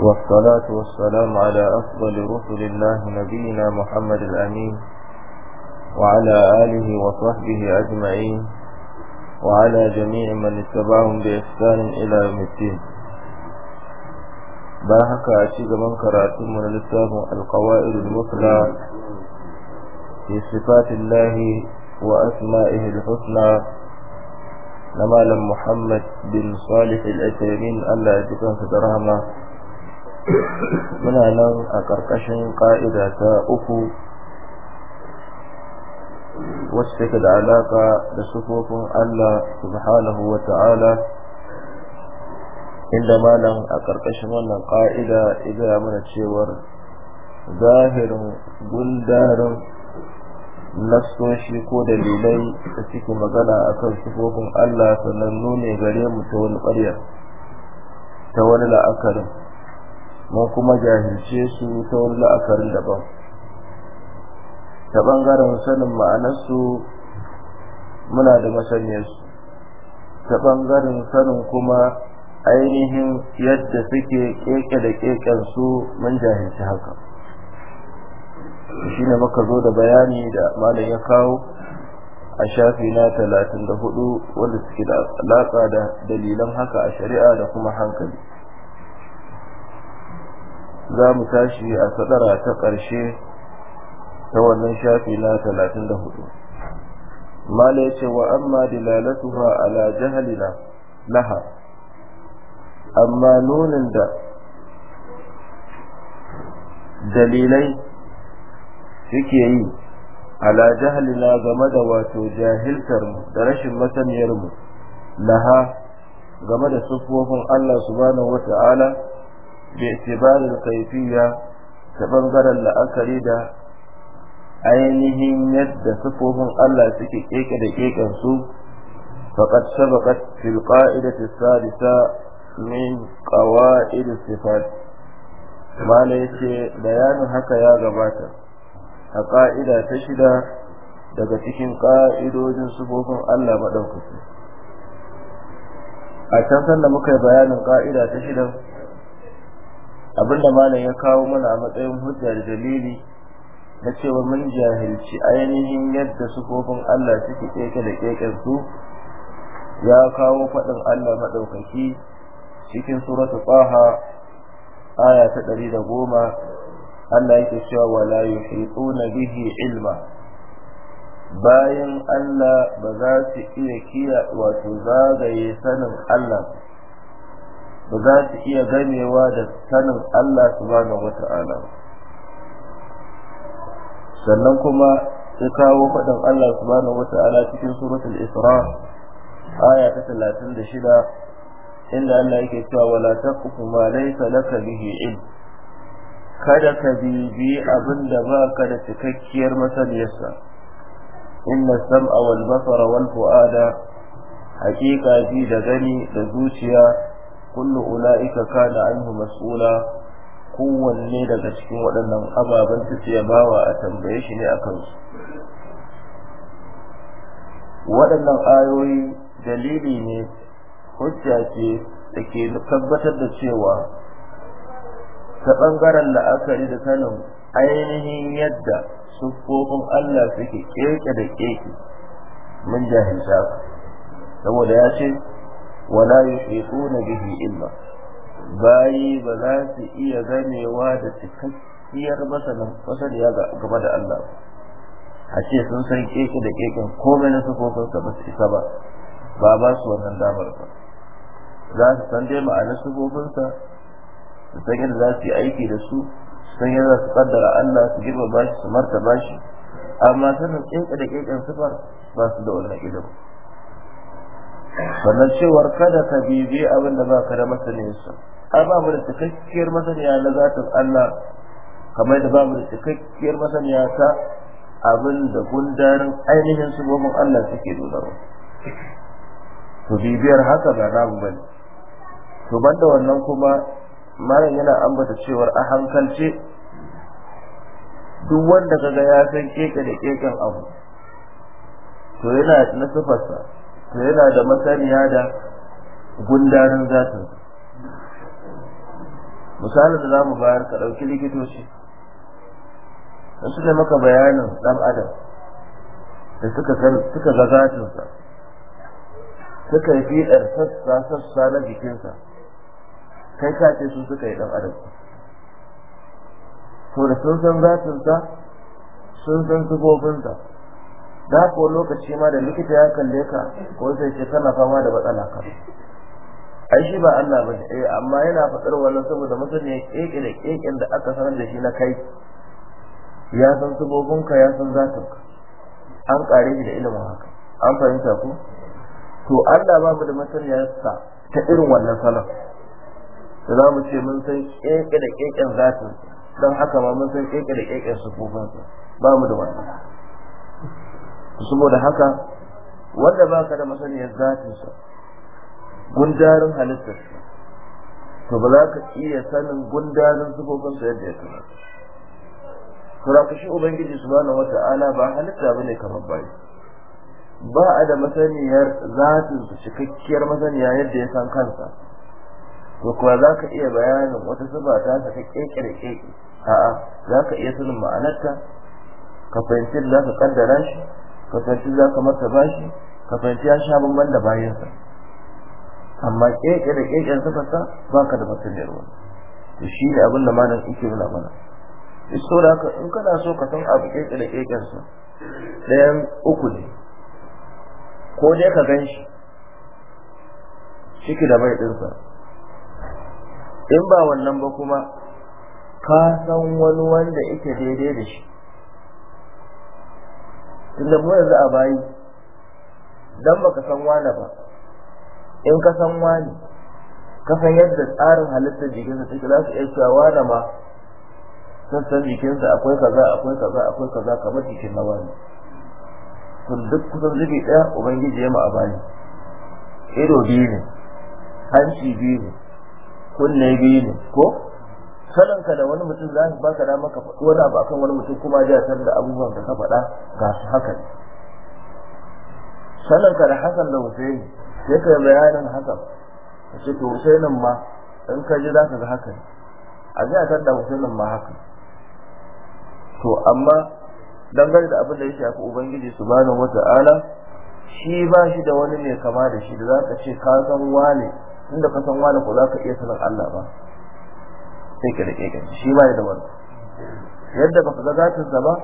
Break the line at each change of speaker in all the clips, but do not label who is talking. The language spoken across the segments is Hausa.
والصلاة والسلام على أفضل رسل الله نبينا محمد الأمين وعلى آله وصحبه أجمعين وعلى جميع من اتبعهم بإحسان إلى يوم الدين باهك أشيد من كراتم من الإسلام القوائد المثلى في صفات الله وأسمائه الحسنى نمال محمد بن صالح الأسيرين ألا يتكن في درهمه muna nan a ƙarƙashin ƙa'ida ta uku wacce take da alaƙa da sufofin Allah subhanahu wa ta'ala inda malam a ƙarƙashin wannan ƙa'ida ya mana cewar zahirin gundarin nassoshi ko dalilai da suke magana akan sufofin Allah sannan ne gare mu ta wani ƙarya ta wani la'akarin mu kuma jahilce su ta wani la'akarin daban ta ɓangaren sanin ma'anarsu muna da masaniyarsu ta ɓangaren sanin kuma ainihin yadda suke keke da keken su mun jahilci haka shine muka zo da bayani da mana ya kawo a shafi na talatin da hudu wanda suke da alaƙa da dalilan haka a shari'a da kuma hankali za mu tashi a sadara ta ƙarshe ta wannan shafi na talatin da hudu mala ya ce wa amma dilalatuha ala jahalina laha amma nunin da dalilai suke yi ala jahalina game da wato jahiltarmu da rashin masaniyarmu laha game da sufofin Allah subhanahu wa ta'ala bi itibarin kaifiya ta bangaren la'akari da ainihin yadda sufofin Allah suke keke da keken su faqad sabaqat da qa'idati sadisa min qawa'id sifat mala yace bayanin haka ya gabata a ƙa'ida ta shida daga cikin ƙa'idojin sufofin Allah madaukaki a can sanda muka yi bayanin ƙa'ida ta shida abinda malam ya kawo mana a matsayin hujjar dalili na cewa mun jahilci ainihin yadda sufofin Allah suke keke da keken su ya kawo faɗin Allah maɗaukaki cikin suratu Taha aya ta ɗari da goma Allah yake cewa wala yuhituna bihi ilma bayan Allah ba za su iya kiyaye wato zagaye sanin Allah ba za su iya ganewa da sanin Allah subhanahu sannan kuma ya kawo faɗin Allah subhanahu wata'ala cikin suratul Isra aya ta 36 inda Allah yake cewa wala taqfu ma laysa laka bihi ilm kada ka bibi abin da ba ka da cikakkiyar masaniyarsa inna sam'a wal basara wal fu'ada haƙiƙa ji da gani da zuciya kullu ula'ika kana anhu mas'ula kowanne daga cikin waɗannan ababen tafiya bawa a tambaye shi ne a kansu. waɗannan ayoyi dalili ne hujja ce da ke tabbatar da cewa ta ɓangaren la'akari da sanin ainihin yadda siffofin Allah suke keke da keke mun jahilta saboda ya ce wala na bihi illa bayi ba za su iya ganewa da cikakkiyar masanin masaniya game da Allah a ce sun san keke da keken komai na sufofinsa ba su isa ba ba ba wannan damar ba za su san dai ma'anar sufofinsa su san yadda za su yi aiki da su su san za su kaddara Allah su girma ba shi su martaba shi amma sanin keke da keken sufar ba su da wannan ilimin sannan cewar kada ka bibi abin da ba ka da masaniyarsa ai ba mu da cikakkiyar masaniya na zatin Allah kamar da ba mu da cikakkiyar masaniya ta abin da gundarin ainihin subobin Allah suke ba to bibiyar haka ba mu bane to banda wannan kuma malam yana ambata cewar a hankalce duk wanda kaga ya san keke da keken abu to yana na sifarsa to yana da masaniya da gundarin zatin misalin da zamu bayar ka ɗauki likitoci da suka maka bayanin ɗan adam da suka suka ga zatinsa suka yi fiɗar sassa sassa na jikinsa kai ka ce su suka yi ɗan adam to da sun san zatinsa sun san sifofinsa da ko lokaci ma da likita ya kalle ka ko sai ce kana fama da matsala ka ai shi ba Allah ba eh amma yana fadar wannan saboda mutum ya keke da keken da aka sanar da shi na kai ya san subobin ka ya san zatin ka an kare shi da ilimin haka an fahimta ku to Allah babu da masaniyarsa ta irin wannan salon da za mu ce mun san keke da keken zatin don haka ma mun san keke da keken subobin ba mu da wannan saboda haka wanda baka da masaniyar sa gundarin halittarsa to ba za ka iya sanin gundarin sa yadda ya kamata shi ubangiji subhanahu wata'ala ba halitta bane kamar bai. ba a da masaniyar sa cikakkiyar masaniya yadda ya san kansa to kuwa za ka iya bayanin wata zuba ta ta kekere a'a za ka iya sanin ma'anarta ka fahimci da za ka kaddara shi ka fanci za ka masa bashi ka fanci ya sha bamban da bayansa amma keke da keken sa ba ka da masaniyar wani to shi ne abin da malam yake nuna mana so da haka in kana so ka san abu keke da sa ɗayan uku ne ko dai ka gan shi ciki da mai ɗinsa in ba wannan ba kuma ka san wani wanda yake daidai da shi tunda mu yanzu a bayi dan baka san wani ba in ka san wani ka san yadda tsarin halittar jikinsa take za su iya cewa wani ma sassan jikinsa akwai kaza akwai kaza akwai kaza kamar jikin na wani tun duk kusan zubi ɗaya ubangiji ya a bayi ido biyu ne hanci biyu ne kunne biyu ne ko saninka da wani mutum za su baka dama ka faɗi wani abu akan wani mutum kuma ji san da abubuwan da ka faɗa ga su haka ne ka da hasan da Hussein, sai ka bayanin Hassan. ka ce to husainin ma in ka ji za ka ga haka ne a ji a da husainin ma haka to amma dangane da abin da ya shafi ubangiji subhanahu wata'ala shi ba shi da wani mai kama da shi da za ka ce ka san wane tunda ka san wane ko za ka iya sanin Allah ba sai ka rike ka shi ba da wani yadda baka ga zatin sa ba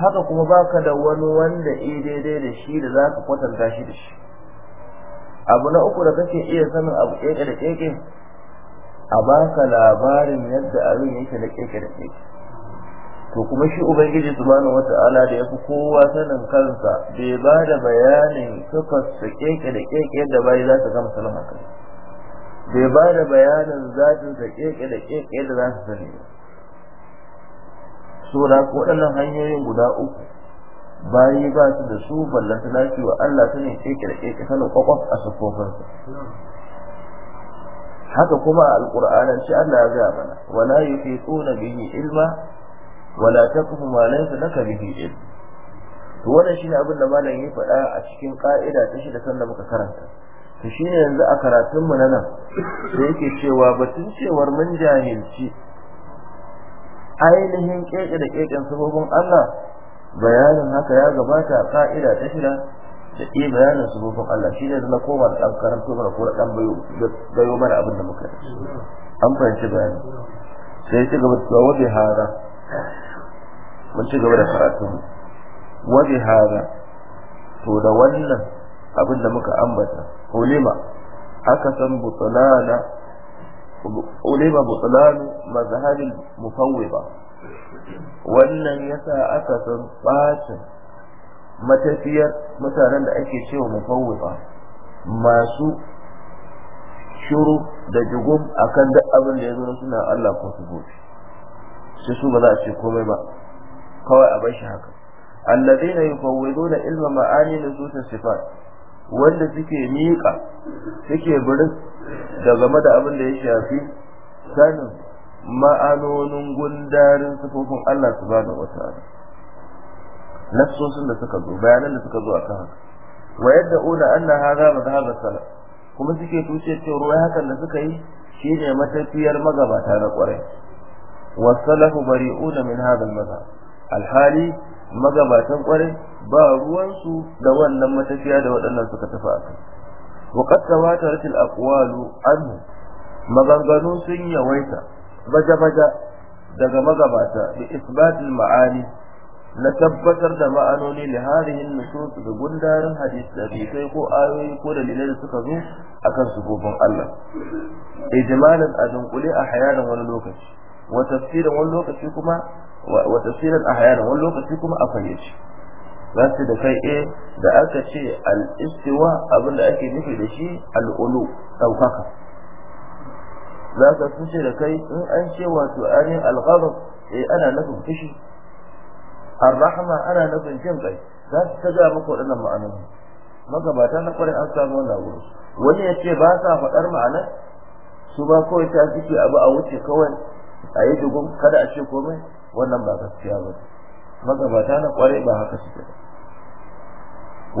haka kuma baka da wani wanda i daidai da shi da za ka kwatanta shi da shi abu na uku da kake iya sanin abu keke da keke a baka labarin yadda abin yake da keke da keke to kuma shi ubangiji subhanahu wata'ala da yafi kowa sanin kansa bai ba da bayanin sifar su keke da keke yadda bai za ta gama salama kai bai ba da bayanin zaɓin da keke da keke da za su sani so da waɗannan hanyoyin guda uku bayi ba su da su ballanta na wa Allah sanin keke da keke sanin kwakwaf a siffofinsa haka kuma a alƙur'anance Allah ya ga mana wala tsona bihi ilma wala ta kuma laysa laka bihi ilm to wannan shine abin da malam ya faɗa a cikin ƙa'ida ta shi da sanda muka karanta to shine yanzu a karatun mu nan sai yake cewa batun cewar mun jahilci ainihin keke da keken sabobin Allah bayanin haka ya gabata a ka'ida ta shida da ke bayanin sabobin Allah shine da na koma da ɗan karanto mana ko da ɗan bayo mana abin da muka an fahimci bayani sai ci gaba da cewa wabi hada mun ci gaba da karatu wabi hada to da wannan abin da muka ambata ulima aka san butlana ulima butlanu mazhabin mufawwida wannan yasa aka san bacin matafiyar mutanen da ake cewa mufawwida masu shuru da jigum akan duk abin da ya zo suna Allah ko su gobe sai su ba za a ce komai ba kawai a bar shi haka allazina yufawwiduna ilma ma'ani nusus sifat wanda suke miƙa suke birin da game da abin da ya shafi sanin ma'anonin gundarin sufofin Allah su subhanahu wata'ala nafsosin da suka zo bayanan da suka zo akan haka wa yadda una anna hadha madhhab salaf kuma suke tuce cewa ruwa hakan da suka yi shine matafiyar magabata na kwarai wa salafu bari'una min hadha al-madhhab alhali magabatan ƙwarai ba ruwansu da wannan matafiya da waɗannan suka tafi a kai wa qad tawatarat al aqwalu anhu maganganu sun yawaita baja baja daga magabata bi isbat al ma'ani na tabbatar da ma'anoni li hadhihi an nusus da gundarin hadisi da kai ko ayoyi ko dalilai da suka zo akan su gobin Allah ijmalan a quli a hayaran wani lokaci wa tafsirin wani lokaci kuma wa tafsirin ahyana wani lokaci kuma a fahimci. za su da kai eh da aka ce al-istiwa abin da ake nufi da shi al'ulu. ulu za ka sun ce da kai in an ce wato ainihin al-ghadab eh ana nufin fushi ar-rahma ana nufin jin kai za su taga maka waɗannan ma'anoni magabata na kwarai an samu wannan wurin wani ya ce ba sa faɗar ma'anar su ba kawai ta suke abu a wuce kawai a yi dugun kada a ce komai wannan ba gaskiya ba magabata na kwarai ba haka suke ba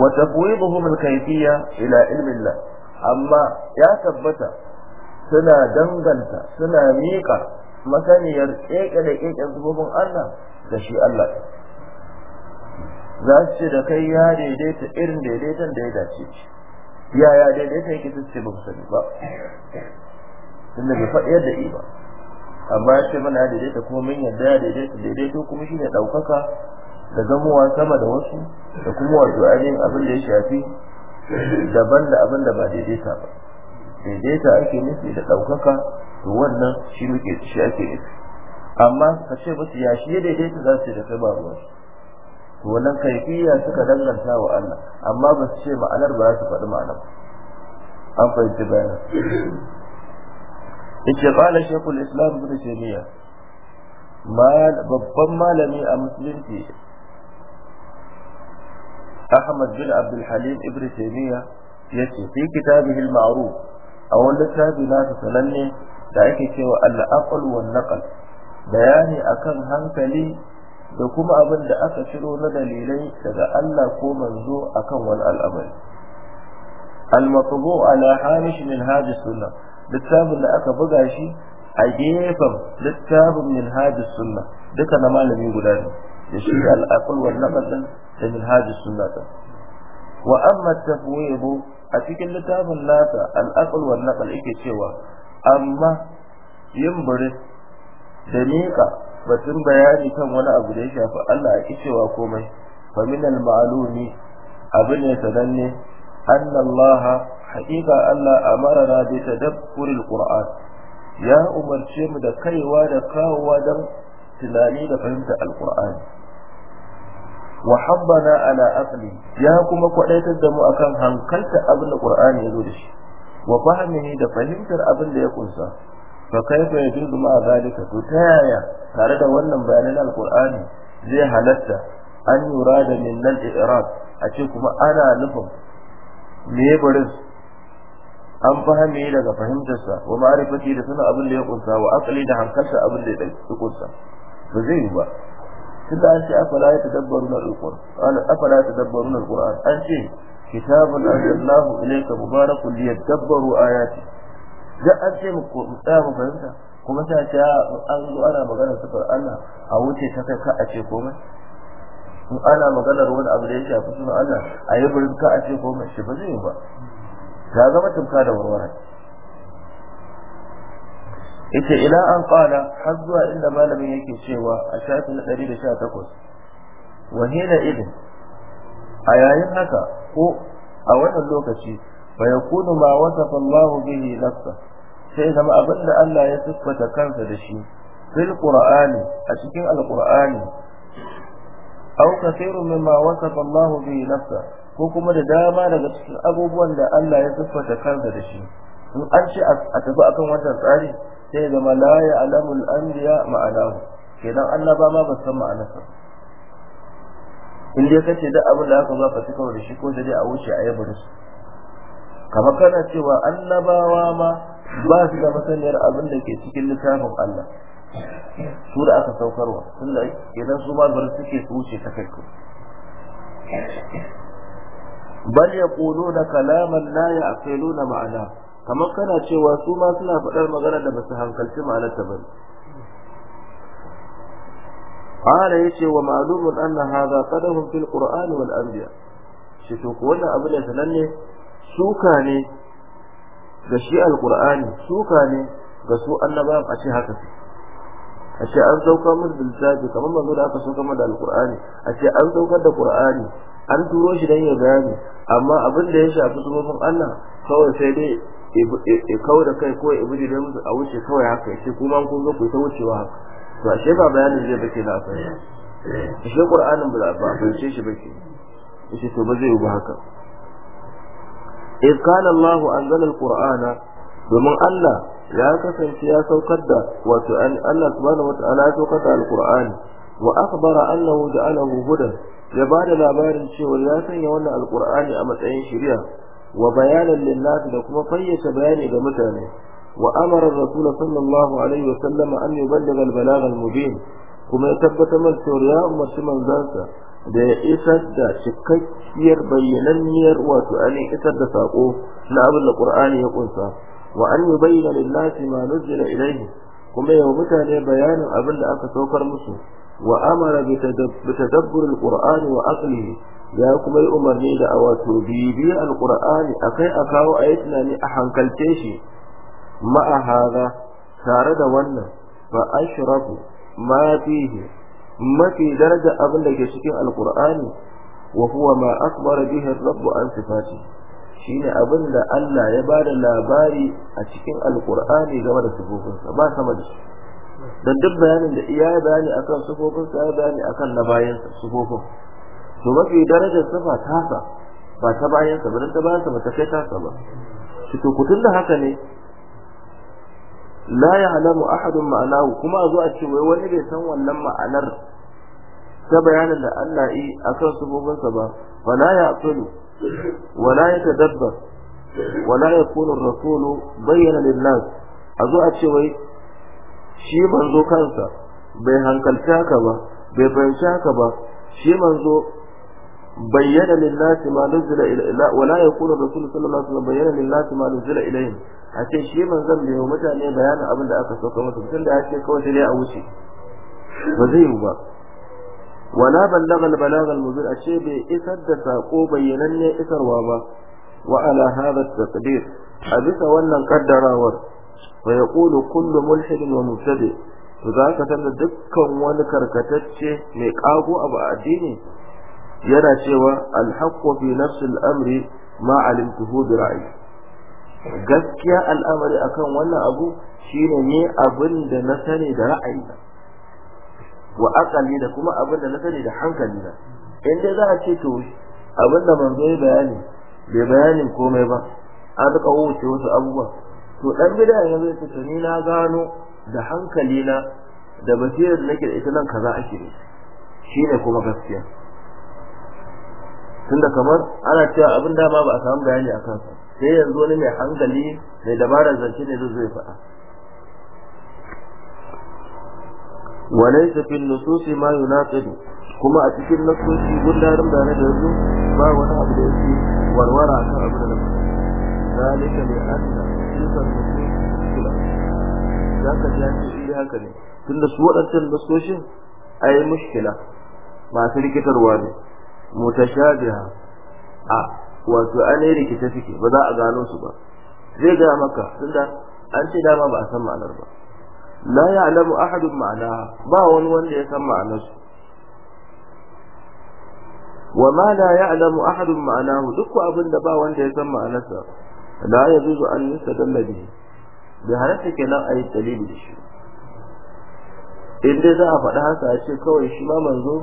wa tafwiduhum min kayfiyya ila ilmi Allah amma ya tabbata suna danganta suna miƙa masaniyar keke da keken zububin Allah da shi Allah za su ce da kai ya daidaita irin daidaitan da ya dace ya ya daidaita yake su ce ba su sani ba tunda bai faɗi yadda ba amma ya ce mana daidaita kuma mun yarda daidaita daidaito kuma shi ne daukaka da gamuwa sama da wasu da kuma wato ainihin abin da ya shafi daban da abin da ba daidaita ba daidaita ake nufi da daukaka to wannan shi muke shi ake nufi amma ka ce musu ya shi daidaita za su da kai ba to wannan kaifiya suka danganta wa Allah amma ba su ce ma'anar ba za su faɗi ma'anar an fahimci bayanan. yake qala shaykhul islam ibn taymiya babban malami a musulunci ahmad bin abdul halim ibn taymiya yace fi kitabihi al-ma'ruf a wani littafi na ta sananne da ake cewa al-aql wa naql bayani akan hankali da kuma abin da aka ciro na dalilai daga Allah ko manzo akan wani al'amari al-matbu ala hamish min hadhihi sunnah littafin da aka buga shi a gefen littafin hajji sunna duka na malami guda ne da shi al'akul wa naqd da minhajus sunna wa amma tafwid a cikin littafin nasa al'akul wa naqd ike cewa amma yin bari da miƙa batun bayani kan wani abu da ya shafi Allah a cewa komai fa min al abu ne sananne أن الله حقيقة ألا أمرنا بتدبر القرآن يا أمر شيم دا كيوا دا كاوا دا تلاني دا فهمت القرآن وحبنا على أقلي يا كما قلت الدم أكان هنكلت أبن القرآن يدودش وفهمه دا فهمت أبن دا يقنصا فكيف يجوز مع ذلك تتايا تارد ونن بياننا القرآن زي هلتا أن يراد من الإعراب أشيكما أنا نفهم me barin an fahimi daga fahimtarsa wa ma'arifati da sanin abin da ya kunsa wa akali da hankalsa abin da ya kunsa ba zai yi ba tunda an ce afala ya tadabbaruna alquran afala ya an ce kitabun anzalallahu ilayka mubarakun liyadabbaru ayati da an ce mu ko tsaya mu fahimta kuma ta ce ah, an zo ana magana sifar Allah a wuce ta kai ka a ce komai in ana maganar wani abu da ya shafi suna Allah a yi ka a ce ko mace ba zai ba ta zama tumka da warwara yace ila an qala har zuwa inda malamin yake cewa a shafi na 118 wa hina idin a yayin haka ko a wannan lokaci fa yakunu ma wasafa Allah bihi nafsa sai zama abin da Allah ya siffata kansa da shi fil qur'ani a cikin alqur'ani aw kathirun mimma wasafa Allah bihi nafsa ko kuma da dama daga cikin abubuwan da Allah ya siffata kansa da shi in an ce a tafi akan wannan tsari sai da la ya'lamu anbiya ma'anahu kenan annaba ma ba san ma'anarsa in dai kace da abin da aka zo ka cika da shi ko da dai a wuce a yi burus kamar kana cewa annabawa ma ba su da masaniyar abin da ke cikin littafin Allah su da aka saukarwa da idan su ba bar suke su wuce ta kai bal yaquluna kalaman la ya'qiluna ma'ana kamar kana cewa su ma suna faɗar magana da basu hankalci ma'anar ta bane qala yace wa ma'lumun anna hadha qadahum fil qur'ani wal anbiya shi to ko wannan abu ne sananne suka ne ga shi alqur'ani suka ne ga su annabawan a ce haka a ce an saukar musu da littafi kamar manzo da aka saukar mana da alkur'ani a ce an saukar da qur'ani an turo shi dan ya bayani amma abin da ya shafi sunofin Allah kawai sai dai ya kawo da kai kawai ya da musu a wuce kawai haka shi kuma kun zo ku ta wucewa haka to ashe ba bayanin zai bace na A ashe qur'anin ba ba fahimce shi ke. yace to ba zai yi ba haka إذ قال الله أنزل القرآن domin Allah ya kasance ya saukar da wato Allah subhanahu wata'ala ya saukar da alqur'ani wa akhbara annahu ja'alahu hudan ya ba da labarin cewa ya sanya wannan alqur'ani a matsayin shari'a wa bayanan lin da kuma fayyace bayani ga mutane wa amara ar-rasul sallallahu alaihi wa sallam an yuballigha al-balagha al-mubin kuma ya tabbata man cewa ya umarci manzansa da ya isar da cikakkiyar bayyananniyar wato ainihin isar da sako na abin da qur'ani ya kunsa wa an yubayyana lin-nasi ma nuzila ilayhi kuma yau mutane bayanin abin da aka saukar musu wa amara bi tadabbur wa aqlihi ya kuma yi umarni da wato bibi al a akai a kawo ayi tunani a hankalce shi ma'a hada tare da wannan fa ashrafu ma fihi mafi daraja abin da ke cikin al wa huwa ma akbara bihi ar an sifatihi shine abin da Allah ya ba da labari a cikin alkur'ani game da sufofinsa ba sama da shi don duk bayanin da iya bayani akan sufofinsa ya bayani akan na bayansa sufofin to mafi darajar sifa tasa ba ta bayansa ba don ta bayansa ba ta kai tasa ba shi to kutun da haka ne la ya'lamu ahadun ma'anahu kuma a zo a ce wai wani bai san wannan ma'anar ta bayanin da Allah yi akan sufofinsa ba wala ya aqlu wala ya ta tadabbar wala ya ar-rasulu bayyana lin a zo a ce wai shi manzo kansa bai hankalta ka ba bai fahimci haka ba shi manzo bayyana lin-nas ma nuzila ila wala ya ar-rasulu sallallahu alaihi wasallam bayyana lin-nas ma nuzila ilayhim a ce shi manzon bai mutane bayanin abin da aka sauka masa tunda ya ce kawai sai a wuce ba zai yi ba wala ballagha al-balagha al-mubin ashe bai isar da sako bayyananne isarwa ba wa ala hadha at-taqdir a bisa wannan ƙaddarawar fa yaqulu kullu mulhidin wa mubtadi to ka sanar dukkan wani karkatacce mai kago abu addini yana cewa al-haqqu fi nafsi al-amri ma alimtuhu bi ra'yi gaskiya al'amari akan wannan abu shine ne abin da na sani da ra'ayi wa akali da kuma abin da na sani da hankali na in dai za a ce to abin da manzo ya bayani bai bayanin komai ba an rika wuce wasu abubuwa to dan bid'a ya zai ce ni na gano da hankali na da basirar da nake da ita nan kaza ake ne shine kuma gaskiya tunda kamar ana cewa abin dama ma ba a samu bayani akan sa sai yanzu wani mai hankali mai dabarar zance ne zai zo ya faɗa وليس في النصوص ما يناقض كما أتكلم نصوص يقول لا رمضان الرسول ما ونعب الإسي والورع كعب ذلك لأن تلك النصوص كلا ذاك جانب إلي هكذا tunda su waɗancan nasoshin ai mushkila masu rikitarwa ne mutashabiha a wato an rikita suke ba za a gano su ba zai gaya maka tunda an ce dama ba a san ma'anar ba لا يعلم أحد معناها ba wani wanda ya san وما wa يعلم أحد معناه ahadun أبن duk abin da ba wanda ya san ma'anarsa به yajuzu an أي bihi bi halatta dalili da shi dai za a faɗi haka a ce kawai shi ma manzo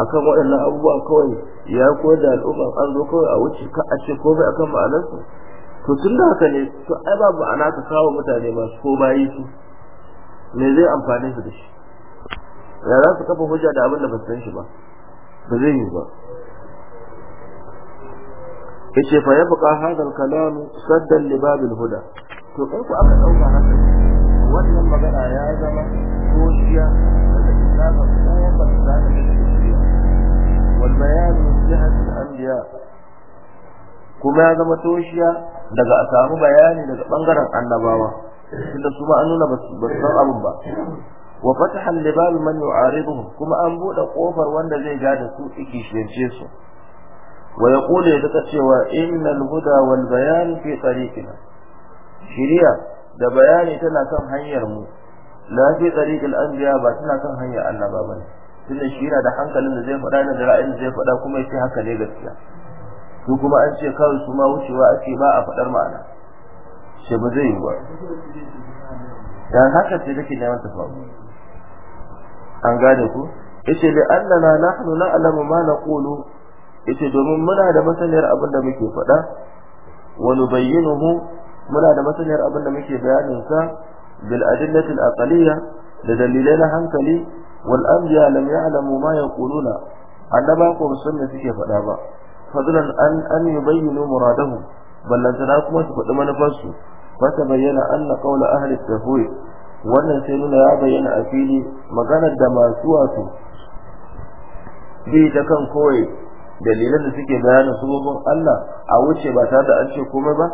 akan waɗannan abubuwa kawai ya koyar da al'ummar an zo kawai a wuce ka a ce komai akan ma'anarsa to tun da haka ne to ai babu ana ka kawo mutane masu ko bayi su me zai amfane shi da shi ya za su kafa hujja da abin da ba san shi ba ba zai yi ba yace fa yabqa hadha al-kalam saddan li bab al-huda to kai ku aka dauka haka wannan magana ya zama koshiya daga kitaba ko fasara da koshiya wal bayan min jihat al-anbiya kuma ya zama toshiya daga a samu bayani daga bangaren annabawa tunda su ba an nuna ba san abin ba wa fataha libal man yu'aribuhum kuma an bude kofar wanda zai ga da su ikishiyance su wa yaqulu ya taka cewa innal huda wal bayan fi tariqina shiriya da bayani tana kan hanyar mu la fi tariqil anbiya ba tana kan hanyar annaba bane tunda shira da hankalin da zai faɗa da ra'ayin zai faɗa kuma yace haka ne gaskiya su kuma an ce kawai su ma wucewa ake ba a faɗar ma'ana ce ba zai yi ba dan haka sai take neman ta faru an gane ku yace da annana nahnu na'lamu ma naqulu yace domin muna da masaniyar abin da muke faɗa wa nubayyinuhu muna da masaniyar abin da muke bayanin sa bil adillati al aqliyya da dalilai na hankali wal anbiya lam ya'lamu ma yaquluna annaba ko sun ne suke faɗa ba fadlan an an yubayyinu muradahum ballantana kuma su faɗi manufarsu bayyana أن قول أهل التفويض wannan sai nuna ya bayyana a fili maganar da masu wasu bi ta kan kawai dalilan da suke bayanin sabobin Allah a wuce ba tare da an ce komai ba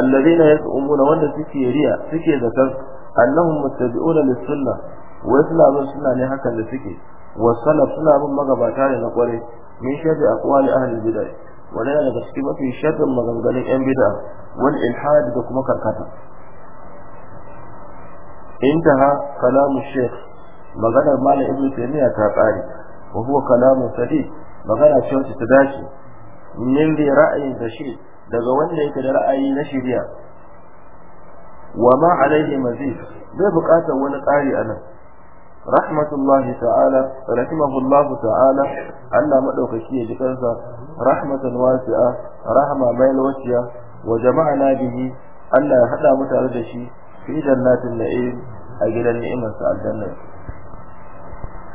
allazina yaz'umuna wanda suke riya suke zaton annahum muttabi'una lis-sunnah wa islamun suna ne hakan da suke wa salaf suna bin magabata ne na kware min shafi aqwali ahli bid'ah Wani yana daga cikin mafi sharrin maganganun yan bid'a wani ilhadi da kuma karkata ha kalamu shek maganar malam ibnu taymiya ta tsari wa huwa kalamu sadi magana ce wacce ta dace min bi ra'ayin shi daga wanda yake da ra'ayi na shirya wa ma alaihi mazid bai bukatar wani tsari anan rahmatullahi ta'ala rahimahullahu ta'ala Allah madaukaki ya ji kansa rahmatan wasi'a rahma mai wasiya wa jama'ana bihi Allah ya hada mu tare da shi fi jannatin na'im a gidan ni'imar sa aljanna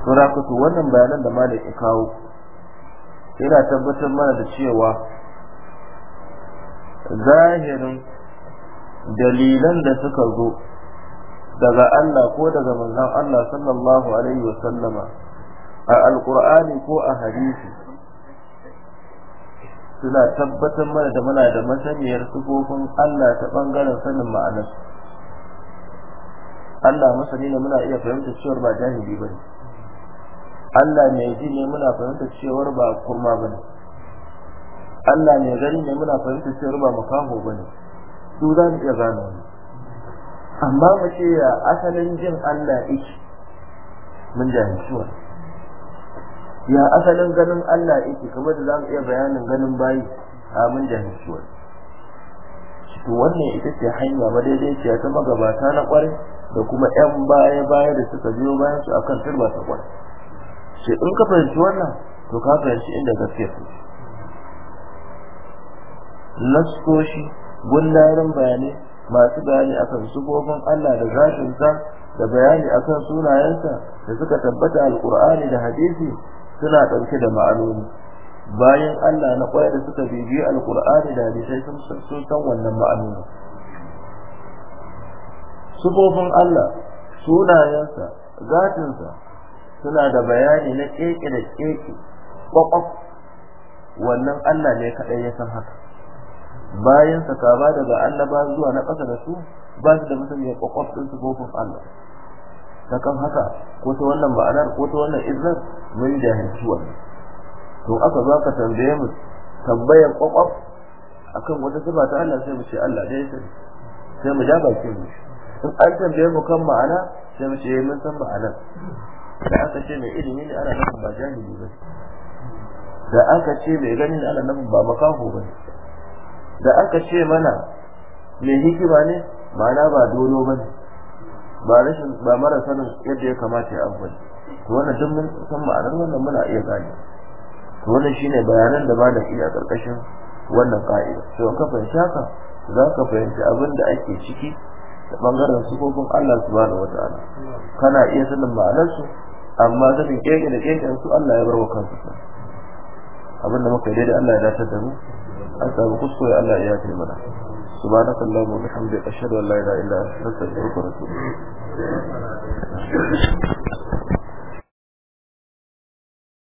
to da wannan bayanan da malik kawo yana tabbatar mana da cewa zahirin dalilan da suka zo daga Allah ko daga manzon Allah sallallahu alaihi wa sallama a alqur'ani ko a hadisi suna tabbatar mana da muna da masaniyar sifofin Allah ta bangaren sanin ma'anar Allah masani ne muna iya fahimtar cewar ba jahili bane Allah mai ji ne muna fahimtar cewar ba kurma bane Allah mai gani ne muna fahimtar cewar ba makaho bane su za mu iya gane wani amma mu ce ya asalin jin Allah iki mun jahilci wa ya asalin ganin Allah iki kamar da zamu iya bayanin ganin bayi a mun jahilci wa to wannan ita ce hanya ba madaidaiciya ta magabata na kwarai da kuma yan baya baya da suka biyo bayan su akan turba ta kwarai sai in ka fahimci wannan to ka fahimci inda gaskiya take Laskoshi, gundarin bayanai masu bayani akan sifofin Allah da zatinsa da bayani akan sunayensa da suka tabbata alqur'ani da hadisi suna ɗauke da ma'anoni bayan Allah na kwaya da suka bibiyi alqur'ani da hadisai sun san wannan ma'anoni sifofin Allah sunayensa zatinsa suna da bayani na keke da keke kwakwaf wannan Allah ne kaɗai ya san haka bayan kaba daga Allah, ba zuwa na ƙasa da su ba su da mutum ya kwakwaf din su kofin Allah sakan haka ko ta wannan ma'anar ko ta wannan izzar mun jahilci wannan to aka zo ka tambaye mu tambayar kokof akan wata sifa ta Allah sai mu ce Allah dai sai sai mu ja bakin mu in an tambaye mu kan ma'ana sai mu ce eh, mun san ma'anar da aka ce mai ilimi ne ana nufin ba jahili ba da aka ce mai ganin ana nufin ba makaho ba ne da aka ce mana mai hikima ne ma'ana ba dolo ba ne ba rashin ba mara sanin yadda ya kamata ya abu to wannan duk mun san ma'anar wannan muna iya gane to wannan shine bayanan da ba da shi a karkashin wannan ka'ida to ka fahimci haka za ka fahimci abin da ake ciki da bangaren sufofin Allah subhanahu wataala kana iya sanin ma'anar su amma zafin ƙeƙe da keken su Allah ya bar wa kansu abin da muka yi daidai Allah ya dace da mu an samu kuskure Allah ya yi mana subhanaka allahumma wa bihamdika ashhadu an la ilaha illa anta astaghfiruka